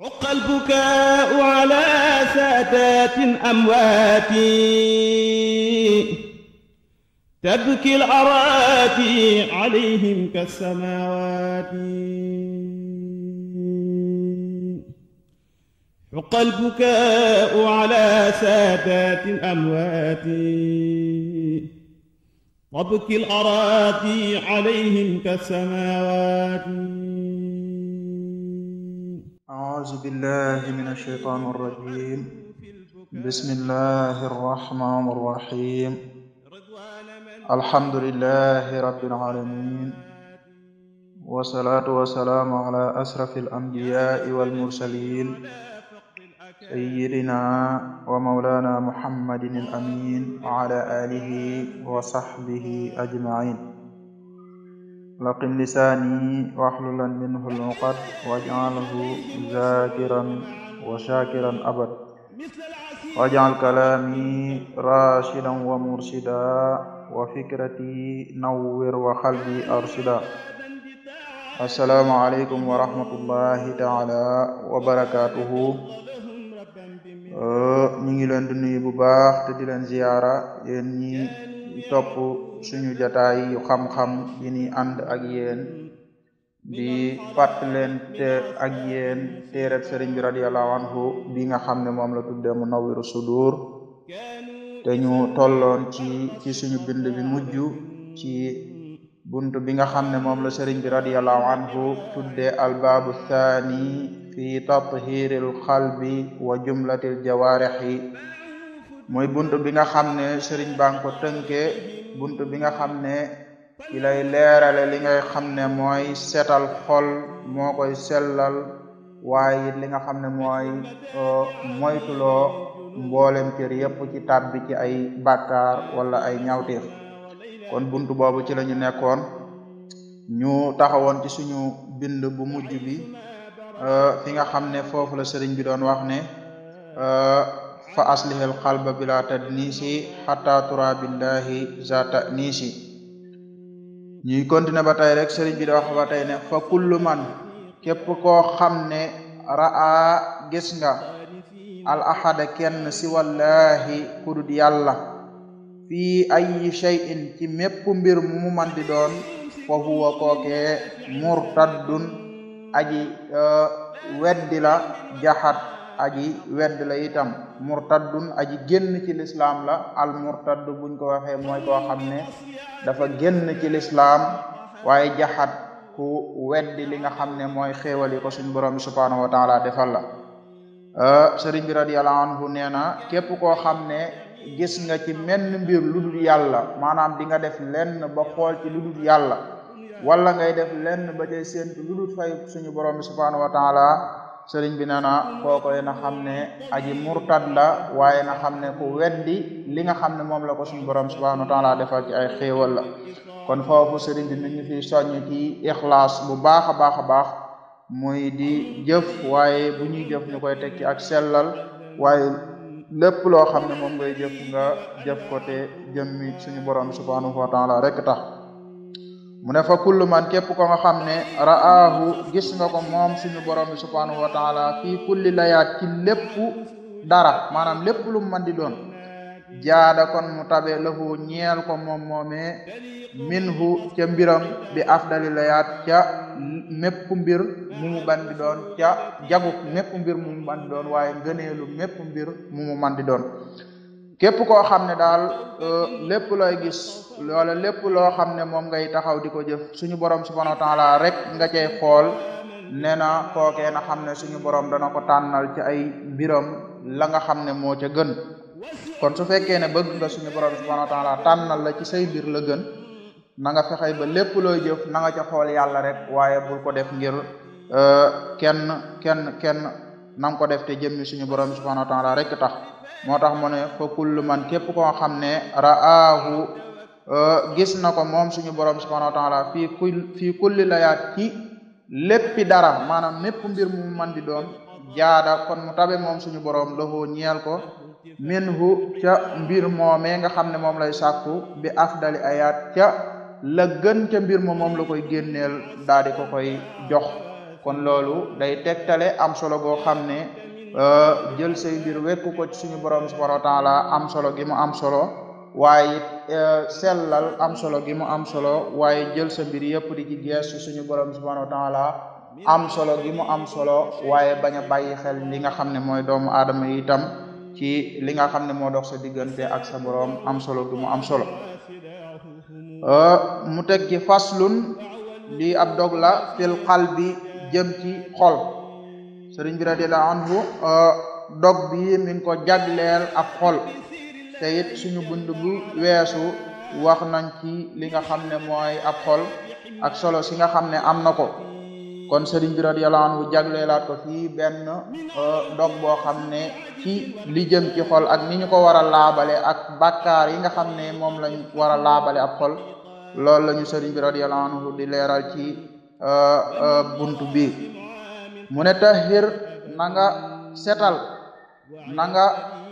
عق البكاء على سادات أمواتي تبكي الأراتي عليهم كالسماوات حق البكاء على سادات أموات تبكي الأراتي عليهم كالسماوات أعوذ بالله من الشيطان الرجيم بسم الله الرحمن الرحيم الحمد لله رب العالمين والصلاة والسلام على أشرف الأنبياء والمرسلين سيدنا ومولانا محمد الأمين وعلى آله وصحبه أجمعين laqim lisaani waxlulan minhu luqad waj'alhu zakiran wa abad waj'al kalaami rashidan wa murshida wa fikrati arshida assalaamu aleykum wa taala wa barakatuhu ñu ngi leen di nuyu bu baax di leen ziyaara suñu jataay yu xam-xam yi ni ànd ak yéen di fàttalente ak yéen téereb sëriñ bi radiallahu anhu bi nga xam ne moom la tudde Munawwiru Sudur te ñu tolloon ci ci suñu bind bi mujj ci bunt bi nga xam ne moom la sëriñ bi radiallahu anhu tudde albaabu thani fi tathiril qalbi wa jumlatil jawaarixi mooy buntu bi nga xam ne sëriñ baa ngi buntu bi nga xam ne ci lay leerale li ngay xam ne mooy setal xol moo koy sellal waaye it li nga xam ne mooy euh, moytuloo mboolem cër yépp ci bi ci ay bàkkaar wala ay ñawteef kon buntu boobu ci lañu nekkoon ñu taxawoon ci suñu bind bu mujj bi euh, fi nga xam ne foofu la sëriñ bi doon wax ne euh, fa aslih al qalba bila tadnisi hatta tura billahi za tanisi ñuy continuer ba rek sëriñ bi da fa kullu man képp koo xam ne raa gis al ahada kenn si wallahi kudud yàlla fii ayi shay'in ci mépp mbir mu man fa huwa kookee murtaddun aji euh, weddi jaxat aji wedd la itam murtaddun aji génn ci lislaam la al murtadd buñ ko waxee mooy koo xam ne dafa génn ci lislaam waaye jaxat ku weddi li nga xam ne mooy xéewal ko suñ borom bi subhaanahu wa taala defal la euh, sëriñ bi radiyallahu anhu nee na képp koo xam ne gis nga ci menn mbir lu dul yàlla maanaam di nga def lenn ba xool ci lu dul yàlla wala ngay def lenn ba cay séentu lu dul fay suñu borom bi subhaanahu sëriñ bi nee na kookoy na xam ne aji murtad la waaye na xam ne ku weddi li nga xam ne moom la ko suñu borom subhanahu wa taala defal ci ay xéewal la kon foofu sëriñ bi mi ngi fi soññ ci ixlaas bu baax a baax a baax muy di jëf waaye bu ñuy jëf ñu koy teg ci ak sellal waaye lépp loo xam ne moom ngay jëf nga jëf koté te jëmmi suñu borom subhanahu wa la rek tax mu ne fa kullu man képp ko nga xam ne ra'aahu gis nga ko moom suñu borom bi subhanahu wa taala fii kulli layaat ci lépp dara maanaam lépp lu mu di doon jaada kon mu tabe lahu ñeel ko moom moomee minhu ca mbiram bi afdali layaat ca mépp mbir mu mu man di doon ca jaguk mépp mbir mu mu man di doon waaye ngëneelu mbir mu mu doon képp koo xam ne daal euh, lépp looy gis loola lépp loo xam ne moom ngay taxaw di ko jëf suñu borom subhanahu wa taala rek nga cay xool nee na kookee na xam ne suñu borom dana ko tànnal ci ay mbiram la nga xam ne moo ca gën kon su fekkee ne bëgg nga suñu borom subhanahu wa tànnal la ci say mbir la gën na nga fexey ba lépp looy jëf na nga ca xool yàlla rek waaye bul ko def ngir euh, kenn kenn kenn na ko def te jëmmi suñu borom subhanahu wa taala rek tax moo tax mu ne fa kullu man képp koo xam ne ra'aahu euh, gis na ko moom suñu borom subhanahu wa fi fii kul fii kulli layaat ci léppi dara maanaam mépp mbir mu man di doon jaada kon mu tabe moom suñu borom loxoo ñeel ko minhu ca mbir moomee nga xam ne moom lay sàkku bi afdali ayaat ca la ca mbir ma moom la koy génneel daal ko koy jox kon loolu day tegtale am solo boo xam ne Eh, jël say mbir wekk ko suñu borom subhanahu wa taala am solo gi mu am solo waaye it eh, am solo gi mu am solo waaye jël sa mbir yëpp di ci geestu suñu borom subhanahu wa taala am solo gi mu am solo waaye bañ a bàyyi xel li nga xam ne mooy doomu aadama yi itam ci li nga xam ne moo dox sa diggante ak sa borom am solo gi mu am solo eh, mu teg ci faslun lii ab dog la fil qalbi jëm ci xol sëriñ bi radiyallahu anhu euh, dog bi mi ko jagleel ab xol te suñu bunt bu weesu wax nañ ci li nga xam ne mooy ab xol ak solo si nga xam ne am na ko kon sëriñ bi radiyallahu anhu jagleelaat ko fii benn euh, dog boo xam ne ci li jëm ci xol ak ni ñu ko war a laabale ak bakkaar yi nga xam ne moom lañ war a laabale ab xol loolu lañu ñu sëriñ bi radiyallahu anhu di leeral ci euh, buntu bi mu ne tahir na nga setal na nga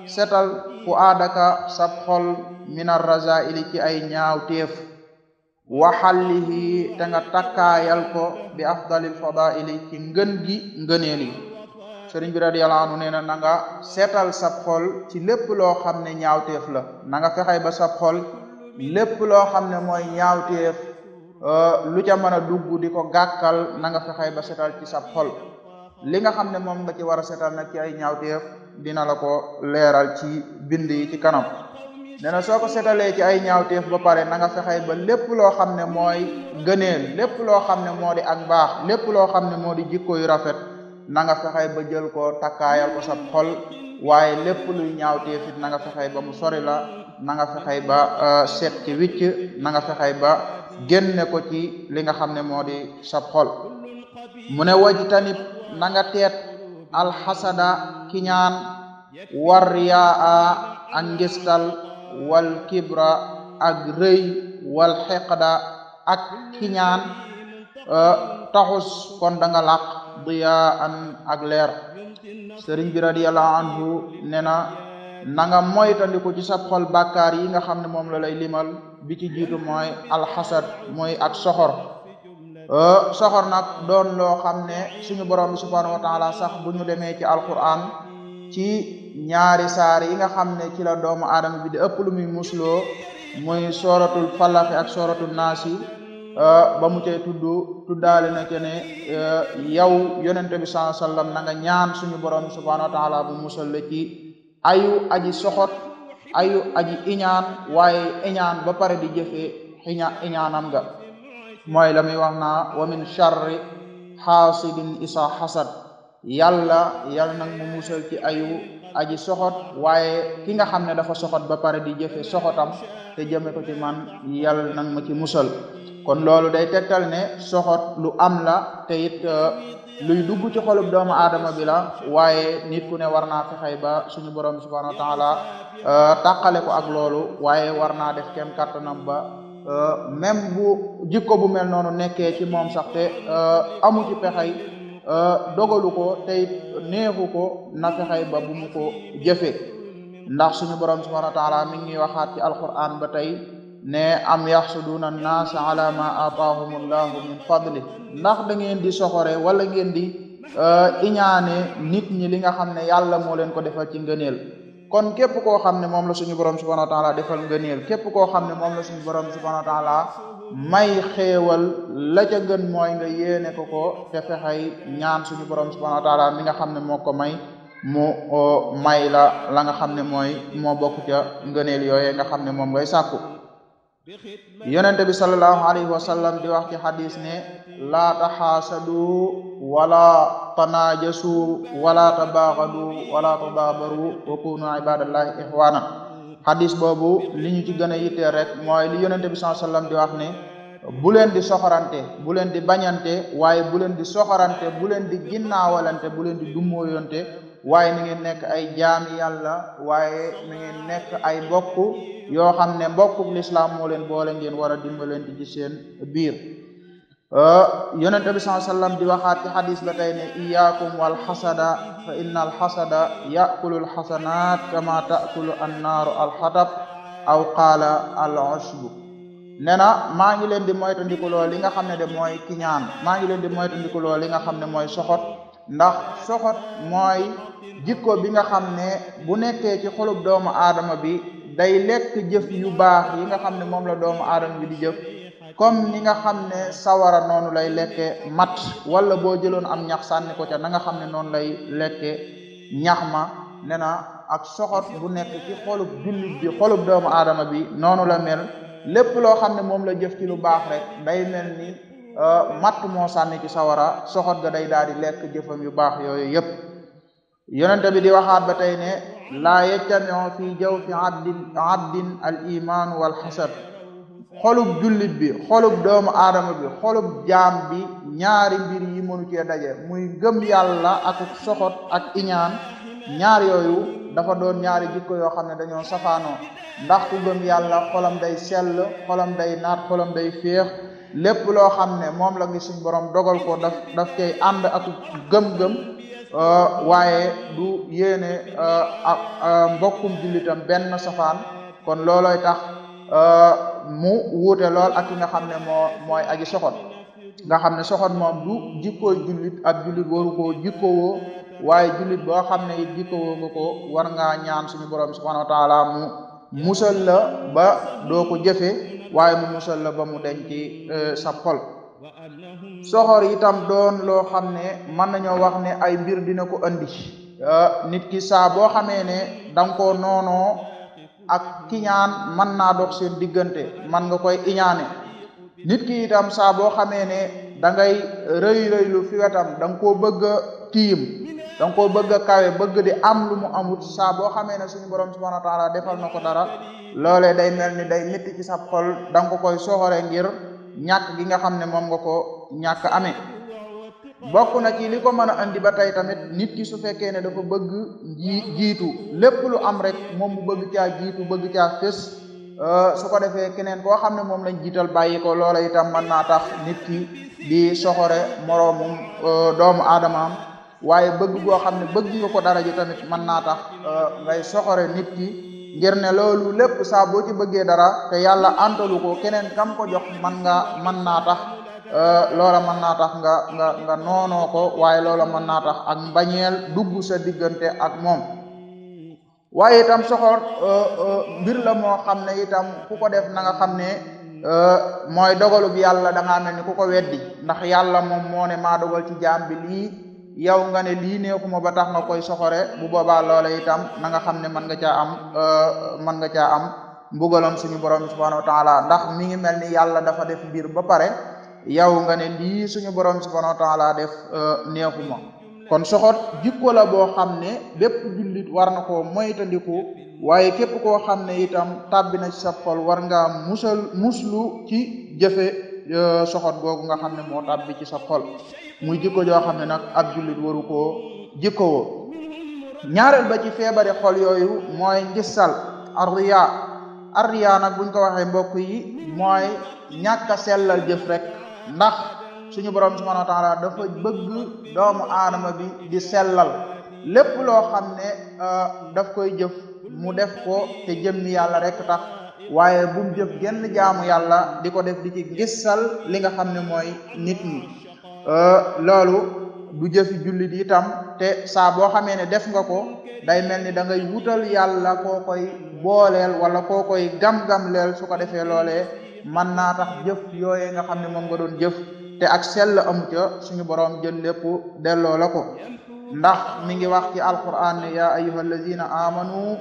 setal fu adaka sab xol minar razaili ci ay ñaaw téef waxallihi te takkaayal ko bi afdalil fadaili ci ngën gi ngëneel yi sëriñ bi radiyallahu anhu nee na na nga seetal sab xol ci lépp loo xam ne ñaawteef la na nga fexey ba sab xol lépp loo xam ne mooy ñaawteef euh, lu ca mën a dugg di ko gàkkal na nga fexey ba seetal ci sab xol li nga xam ne moom nga ci war a setal nag ci ay ñaawteef dina la ko leeral ci bind yi ci kanam nee na soo ko seetalee ci ay ñaawteef ba pare na nga fexey ba lépp loo xam ne mooy gëneel lépp loo xam ne moo di ak baax lépp loo xam ne moo di jikko yu rafet na nga fexey ba jël ko takkaayal sa xol waaye lépp luy ñaawteef it na nga fexey ba mu sori la na nga fexey ba euh, set ci wicc na nga fexey ba génne ko ci li nga xam ne moo di sa xol mu ne wajtanib na teet alxasada kiñaan war riyaa ak ngistal wal kibra ak rëy wal xeqda ak kiñaan e, taxus kon da nga làq diya ak leer sëriñ bi radiallahu anhu ne na na nga moytandiku ci sab xol bàkkaar yi nga xam ne moom la lay limal bi ci jiitu mooy alxasad mooy ak soxor Euh, soxor nag doon loo xam ne suñu borom bi subhanahu wa taala sax bu ñu demee ci alquran ci ñaari saar yi nga xam ne ci la doomu aadama bi di ëpp lu muy musloo muy sooratul falaxi ak sooratul naasi euh, ba mu cay tudd tuddaale na ke ne euh, yow yonente bi na ñaan suñu borom bi subhanahu wa taala bu musal la ci ayu aji soxot ayu aji iñaan waaye iñaan ba pare di jëfee iña iñaanam nga mooy la muy wax naa wa min charri xaasidin isa xasad yàlla yal nag mu musal ci ayu aji soxot waaye ki nga xam ne dafa soxot ba pare di jëfe soxotam te jëme ko ci man yal nag ma ci musal kon loolu day tegtal ne soxot lu am la te it uh, luy dugg ci xolub doomu aadama bi la waaye nit ku ne war naa fexey ba suñu borom bi subhanahu wa taala uh, tàqale ko ak loolu waaye war naa def kem kàttanam ba Euh, même bu jikko bu mel noonu nekkee ci moom sax te euh, amu ci pexey euh, dogalu ko tey neexu ko na fexey ba bu ko jëfe ndax suñu borom subhanahu wa taala mi ngi waxaat ci alquran ba tey ne am yaxsuduuna annaasa ala ma ataahum llahu min fadli ndax da ngeen di soxore wala ngeen di iñaane nit ñi li nga xam ne yàlla moo leen ko defal ci ngëneel kon képp koo xam ne moom la suñu borom subhanahu wa taala defal ngëneel képp koo xam ne moom la suñu borom subhanahu wa may xéewal la ca gën mooy nga yéene ko ko te ñaan suñu borom subhanahu wa taala mi nga xam ne mook ko may mu may la la nga xam ne mooy moo bokk ca ngëneel yooye nga xam ne moom ngay sakku yonente bi sallallahu alayhi wa di wax ci xadis ne laa taxaasadu wala tanaajasu wala tabaaxadu wala tadaabaru wa kunu ibadallahi ixwaana xadis boobu li ñu ci gën a yittee rek mooy li yonente bi sallallahu alayhi di wax ne leen di soxorante bu leen di bañante waaye bu leen di soxorante bu leen di ginnaawalante bu leen di dummóoyonte waaye na ngeen nekk ay jaami yàlla waaye na nekk ay mbokk yoo xam ne mbokku lislaam moo leen boole ngeen war a dimbalante ci seen biir Eh, yonente bi saa sallam di waxaat ci xadis ba tey ne iyaakum wal xasada fa inna al xasada yakulu al xasanat kama takulu annaaru al aw qaala al usbu nee na maa ngi leen di moytandikuloo li nga xam ne de mooy kiñaan maa ngi leen di moytandikuloo li nga xam ne mooy soxot ndax soxot mooy jikko bi nga xam ne bu nekkee ci xolub doomu aadama bi day lekk jëf yu baax yi nga xam ne moom la doomu aadama bi di jëf comme ni nga xam ne sawara noonu lay lekke matt wala boo jëloon am ñax sànni ko ca na nga xam ne noonu lay lekke ñax ma ne na ak soxot bu nekk ci xolub jullit bi xolub doomu aadama bi noonu la mel lépp loo xam ne moom la jëf ci lu baax rek day mel ni euh, matt moo sànni ci sawara soxot ga day daal di lekk jëfam yu baax yooyu yépp yonente bi di waxaat ba tey ne laa yejtameon fii jaw fi abdin abdin al iman xolub jullit bi xolub doomu aadama bi xolub jaam bi ñaari mbir yi mënu cee daje muy gëm yàlla ak soxot ak iñaan ñaar yooyu dafa doon ñaari jikko yoo xam ne dañoo safaanoo ndax ku gëm yàlla xolam day sell xolam day naat xolam day féex lépp loo xam ne moom la ngi suñ boroom dogal ko daf daf cay ànd ak gëm-gëm euh, waaye du yéene euh, euh, mbokkum jullitam benn safaan kon loolooy tax mu wuute lool ak ki nga xam ne moo mooy aji soxot nga xam ne soxot moom du jikkooy jullit ab jullit waru koo jikkoowoo waaye jullit boo xam ne it jikkowoo nga ko war ngaa ñaan suñu borom subhanahu wa taala mu musal la ba doo ko jëfe waaye mu musal la ba mu deñ ci e, sa xol soxor itam doon loo xam ne mën nañoo wax ne ay mbir dina ko andi e, nit ki saa boo xamee ne danga ko noonoo ak kiñaan mën naa dox seen diggante man nga koy iñaane nit ki itam saa boo xamee ne da ngay rëy rëylu fi wetam da ko koo bëgg a tiim da nga koo bëgg a bëgg di am lu mu amut saa boo xamee ne suñu borom subhanahu wa taala defal na ko dara loolee day mel ni day métti ci sa xol da nga ko koy soxore ngir ñàkk gi nga xam ne moom nga ko ñàkk amee bokk na ci li ko mën a andi ba tey tamit nit ki su fekkee ne dafa bëgg ji jiitu lépp lu am rek moom bu bëgg caa jiitu bëgg caa fës euh, su ko defee keneen koo xam ne moom lañ jiital bàyyi ko loola itam mën naa tax nit ki di soxore moroomum euh, doomu aadamaam waaye bëgg goo xam ne bëgg nga ko dara ji tamit mën naa tax euh, ngay soxore nit ki ngir ne loolu lépp saa boo ci bëggee dara te yàlla antalu ko keneen kam ko jox man nga mën naa tax Euh, loola mën naa tax nga nga nga noonoo ko waaye loola mën naa tax ak mbañeel dugg sa diggante ak moom waaye itam soxor euh, euh, mbir la moo xam ne itam ku ko def na nga xam ne mooy dogalub yàlla da ngaa mel ni ku ndax yàlla moom moo ne maa dogal ci jaam bi lii yow nga ne lii neexuma ba tax nga koy soxore bu boobaa loola itam na nga xam ne mën nga caa am mën nga caa am mbugalam suñu borom bi subhanahu wa ndax mi ngi mel ni yàlla dafa def mbir ba pare yow nga ne lii suñu borom subhanahu wa taala def euh, neexuma kon soxot jikko la boo xam ne bépp jullit war na koo moytandiku waaye képp koo xam ne itam tàbbi na ci sa xol war ngaa musal muslu ci jëfe euh, soxot googu nga xam ne moo tàbbi ci sa xol muy jikko joo xam ne nag ab julit waru koo jikkowoo ñaareel ba ci feebare xol yooyu mooy ngissal arriya arriya nag buñ ko waxee mbokk yi mooy ñàkk a sellal jëf rek ndax suñu borom subhanahu wa taala dafa bëgg doomu aadama bi di sellal lépp loo xam ne euh, daf koy jëf mu def ko te jëmmi yàlla rek tax waaye bu mu jëf genn jaamu yàlla di ko def di ci gissal li nga xam ne mooy nit ñi euh, loolu du jëfi di itam te saa boo xamee ne def nga ko day mel ni dangay ngay wutal yàlla ko koy booleel wala koo koy gam-gam leel su ko defee loolee man naa tax jëf yooye nga xam ne moom nga doon jëf te ak sell amu ca suñu borom jën lépp delloo la ko ndax mi ngi wax ci alquran ne yaa ayyuha allazina amanu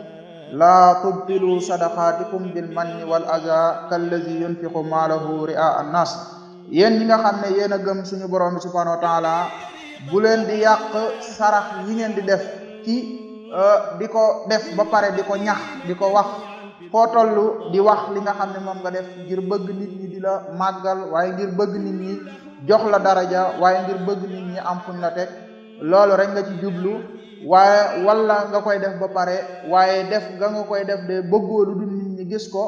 di tubtilu sadaqaatikum bil manni wal aza kallazi yunfiqu maalahu a annas yéen ñi nga xam ne yéen a gëm suñu borom bi subhanahu taala bu di yàq sarax yi ngeen di def ci euh, di ko def ba pare di ko ñax di ko wax foo toll di wax li nga xam ne moom nga def ngir bëgg nit ñi di la màggal waaye ngir bëgg nit ñi jox la daraja waaye ngir bëgg nit ñi am fuñ la teg loolu rek nga ci jublu waaye wala nga koy def ba pare waaye def nga koy def de bëggoo lu dul nit ñi gis ko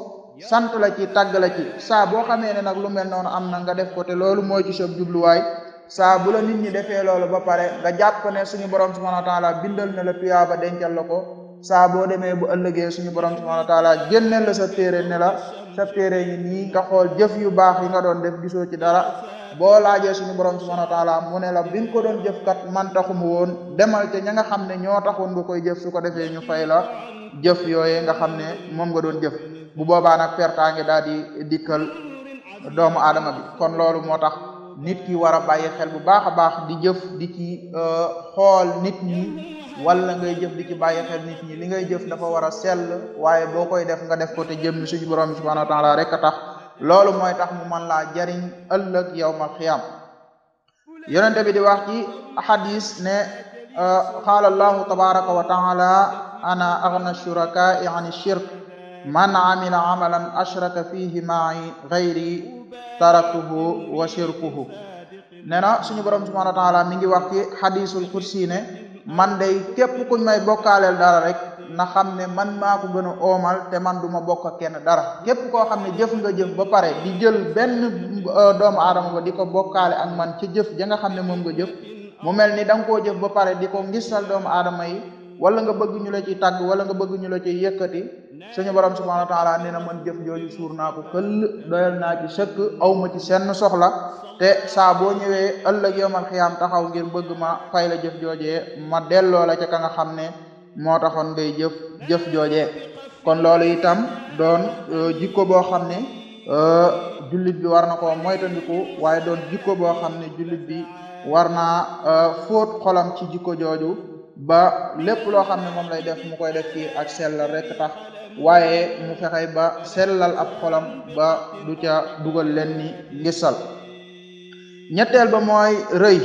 sant la ci tàgg la ci saa boo xamee ne nag lu mel noonu am na nga def ko te loolu mooy ci sob jubluwaay saa bu la nit ñi defee loolu ba pare nga jàpp ne suñu borom subhanahu wa taala bindal na la tuyaaba dencal la ko saa boo demee bu ëllëgee suñu borom subhanahu wa taala génneel la sa téere ne la sa téere yi nii nga xool jëf yu baax yi nga doon def gisoo ci dara boo laajee suñu borom subhanahu wa taala mu ne la bi ko doon jëf kat man taxuma woon demal ca ña nga xam ne ñoo taxoon nga koy jëf su ko defee ñu fay la jëf yooye nga xam ne moom nga doon jëf bu boobaa nag pertaa ngi daal di dikkal doomu aadama bi kon loolu moo tax nit ki war a bàyyi xel bu baax a baax di jëf di ci euh, wala ngay jëf di ci bàyyi xel nit ñi li ngay jëf dafa war a sell waaye boo koy def nga def ko te jëm ni suñu borom bi subhanahu wa taala rek a tax loolu mooy tax mu mën laa jariñ ëllëg yawmal xiyaam yonente bi di wax ci hadis ne qaala allahu tabaraka wa taala ana aghna shuraka'i an shirk man amila amalan ashraka fihi ma'i ghayri taraktuhu wa shirkuhu nee na suñu borom subhanahu wa taala mi ngi wax ci hadisul ne man day képp kuñ may bokkaaleel dara rek na xam ne man maa ko gën a oomal te man du bokk kenn dara képp koo xam ne jëf nga jëf ba pare di jël benn euh, doomu aadama ba di ko bokkaale ak man ci jëf ja nga xam ne moom nga jëf mu mel ni danga koo jëf ba pare di ko ngisal doomu aadama yi wala nga bëgg ñu la ci tàgg wala nga bëgg ñu la ci yëkkati suñu borom subhanahu wa taala nee na man jëf jooju suur naa ko këll doyal naa ci sëkk aw ma ci senn soxla te saa boo ñëwee ëllëg yowmal xiyaam taxaw ngir bëgg ma fay la jëf jooje ma delloo la ca ka nga xam ne moo taxoon ngay jëf jëf joojee kon loolu itam doon euh, jikko boo xam ne euh, jullit bi war na koo waaye doon jikko boo xam ne jullit bi war naa euh, fóot xolam ci jikko jooju ba lépp loo xam ne moom lay def mu koy def ci ak sellal rek tax waaye mu fexe ba sellal ab xolam ba du ca dugal leen ngisal ñetteel ba mooy rëy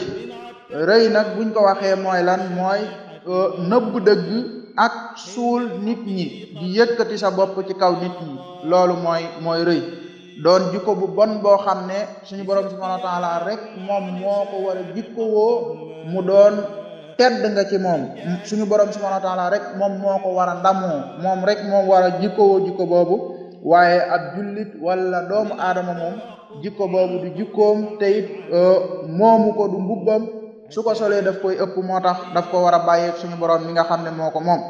rëy nag buñ ko waxee mooy lan mooy euh, nëbb dëgg ak suul nit ñi di yëkkati sa bopp ci kaw nit ñi loolu mooy rëy doon jikko bu bon boo xam ne suñu borom subhanahu wa taala rek moom moo ko war a mu doon tedd nga ci moom suñu borom subhanahu wa taala rek moom moo ko war a ndamoo moom rek moom war a jikkowoo jikko boobu waaye ab jullit wala doomu aadama moom jikko boobu du jikkoom teyit it euh, moomu ko du mbubbam su ko solee daf koy ëpp moo tax daf ko war a bàyyeeg suñu borom mi nga xam ne moo ko moom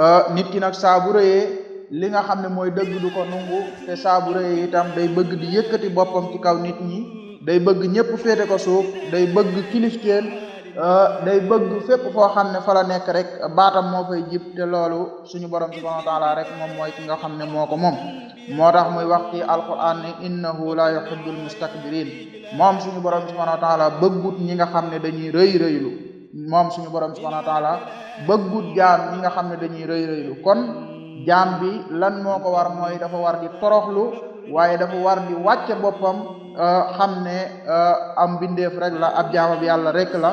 euh, nit ki nag saabura bu li nga xam ne mooy dëgg du ko nungu te saa bu rëyee itam day bëgg di yëkkati boppam ci kaw nit ñi day bëgg ñëpp féete ko suuf day bëgg Euh, day bëgg fépp foo xam ne fa la nekk rek baatam moo fay jib te loolu suñu borom subhanahu wa taala rek moom mooy ki nga xam ne moo ko moom moo tax muy wax ci alquran ne innahu la yuhibbul mustakbirin moom suñu borom subhanahu wa taala bëggut ñi nga xam ne dañuy rëy rëylu moom suñu borom subhanahu wa taala bëggut jaam ñi nga xam ne dañuy rëy rëylu kon jaam bi lan moo ko war mooy dafa war di toroxlu waaye dafa war di wàcce boppam euh, xam ne euh, am bindeef rek la ab jaamab yàlla rek la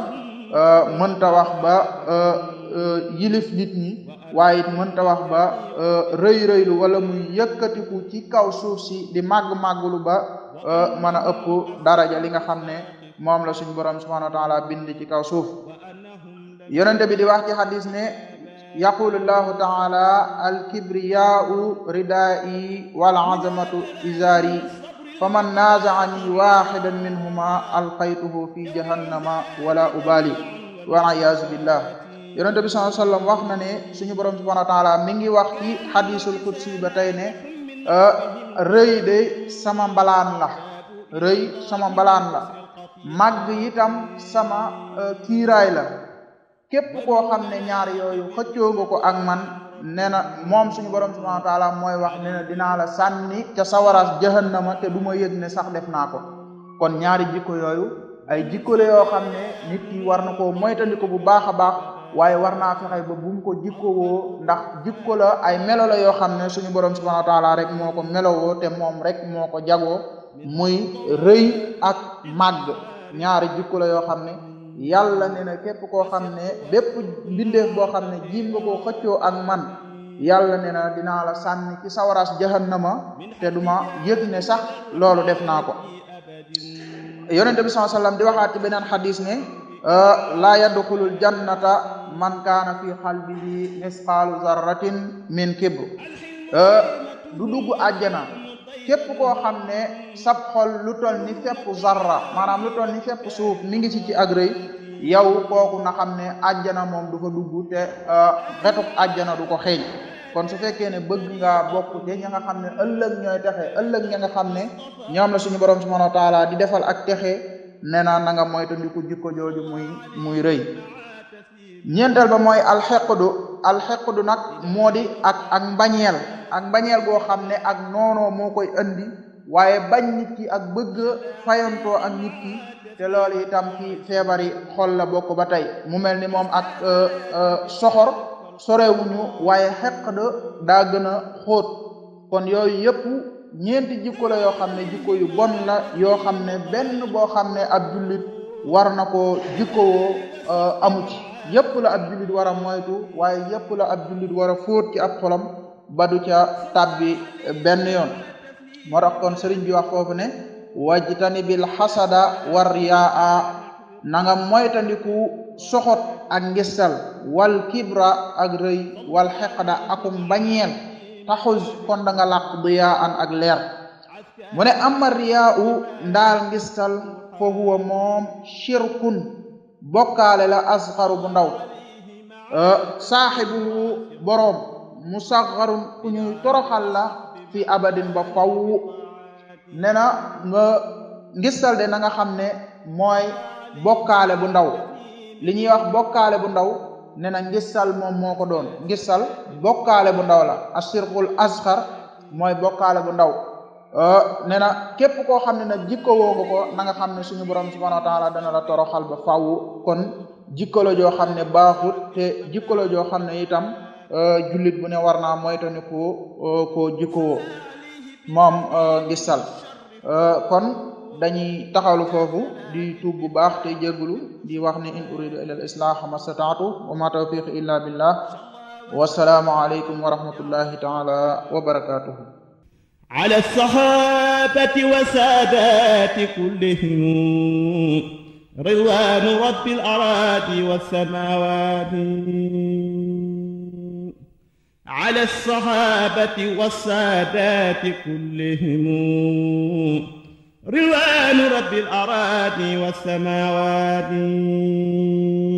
Euh, mënta wax ba euh, euh, yilif nit ñi waaye it mënta wax ba rëy rëylu wala muy yëkkatiku ci kaw suuf si di màgg-màgglu ba mën a ëpp daraja li nga xam ne moom la suñu borom subhanahu wa taala bind ci kaw suuf yonente bi di wax ci xadis ne yaqulu llahu taala al kibriyaau ridaa'i wal azamatu izaari faman nazaani waxidan minhuma alqaytuhu fi jahannama wala ubali wa ayasu billah yonente bi saa sallam wax na ne suñu borom subhanahu wa taala mi ngi wax ci hadisul qudsi ba tey ne euh, rëy sama mbalaan la rëy sama mbalaan la màgg itam sama euh, kiiraay la képp koo xam ne ñaar yooyu xëccoo ko ak man nee na moom suñu borom subhanahu wa mooy wax nee na dinaa la sànni ca sawara jahannama te du ma yëg ne sax def naa ko kon ñaari jikko yooyu ay jikko la yoo xam ne nit ki war na koo moytandiku bu baax a baax waaye war naa fexe ba bu mu ko jikkowoo ndax jikko la ay melo la yoo xam ne suñu borom subhanahu wa rek moo ko melowoo te moom rek moo ko jagoo muy rëy ak màgg ñaari jikko la yoo xam ne yàlla ne na képp koo xam ne bépp mbindeef boo xam ne jiim nga koo xëccoo ak man yàlla ne na dinaa la sànni ci sawaraas jahannama te duma yëg ne sax loolu def naa ko yonente bi sallallahu alayhi wasallam di waxaat ci beneen xadis ne laa yadxulul jannata man kaana fi qalbihi misqaalu zarratin min kibr du dugg àjjana képp koo xam ne sab xol lu toll ni fépp zarra maanaam lu toll ni fépp suuf mi ngi ci ci ak yow kooku na xam ne àjjana moom du ko dugg te xetuk euh, àjjana du ko xeeñ kon su fekkee ne bëgg nga bokk te ña nga xam ne ëllëg ñooy texe ëllëg ña nga xam ne ñoom la suñu borom subhanahu wa taala di defal ak texe nee naa na nga moytandiku jikko jooju muy muy rëy ñeenteel ba mooy alxeqdu alxeqdu nag moo di ak ak mbañeel ak mbañeel goo xam ne ak noono moo koy andi waaye bañ nit ki ak bëgg fayantoo ak nit ki te loolu itam ci feebari xol la bokk ba tey mu mel ni moom ak euh, euh, soxor sorewuñu waaye xeqd da gën a xóot kon yooyu yëpp ñeenti jikko yoo xam ne jikko yu yoo xam ne benn boo xam ne ab jullit war na ko jikkowoo Euh, amu ci yépp la ab jullit war moytu waaye yépp la ab jullit war a fóot ci ab xolam ba du ca tàbbi benn yoon moo tax sëriñ bi wax foofu ne wajtani bil xasada war riyaa na nga moytandiku soxot ak ngistal wal kibra ak rëy wal xeqda akum bañeel taxus kon da nga an ak leer mu ne ama riyaa u ndaal ngistal fa huwa moom bokkaale la asxaru bu ndaw saaxibuhu boroom musaxarun ku ñuy toroxal la fi abadin ba faw ne na nga ngistal de na xam ne mooy bokkaale bu ndaw li ñuy wax bokkaale bu ndaw ne na ngistal moom moo ko doon ngistal bokkaale bu ndaw la asirqul asxar mooy bokkaale bu ndaw Euh, nee na képp koo xam ne nag ko na nga xam ne suñu borom subhanahu wa taala dana la toroxal ba faw kon jikko la joo xam ne baaxut te jikko la joo xam ne itam euh, jullit bu ne war naa moytani ko euh, koo jikkowoo moom ngistal kon dañuy taxawlu foofu di tuub bu baax te jégglu di wax ne in uridu ila al islah ma stataatu wa ma tawfiqi illa billah wasalaamu aleykum wa rahmatullahi taala wa barakatuhu على الصحابة والسادات كلهم رضوان رب الأراضي والسماوات على الصحابة والسادات كلهم رضوان رب الأراضي والسماوات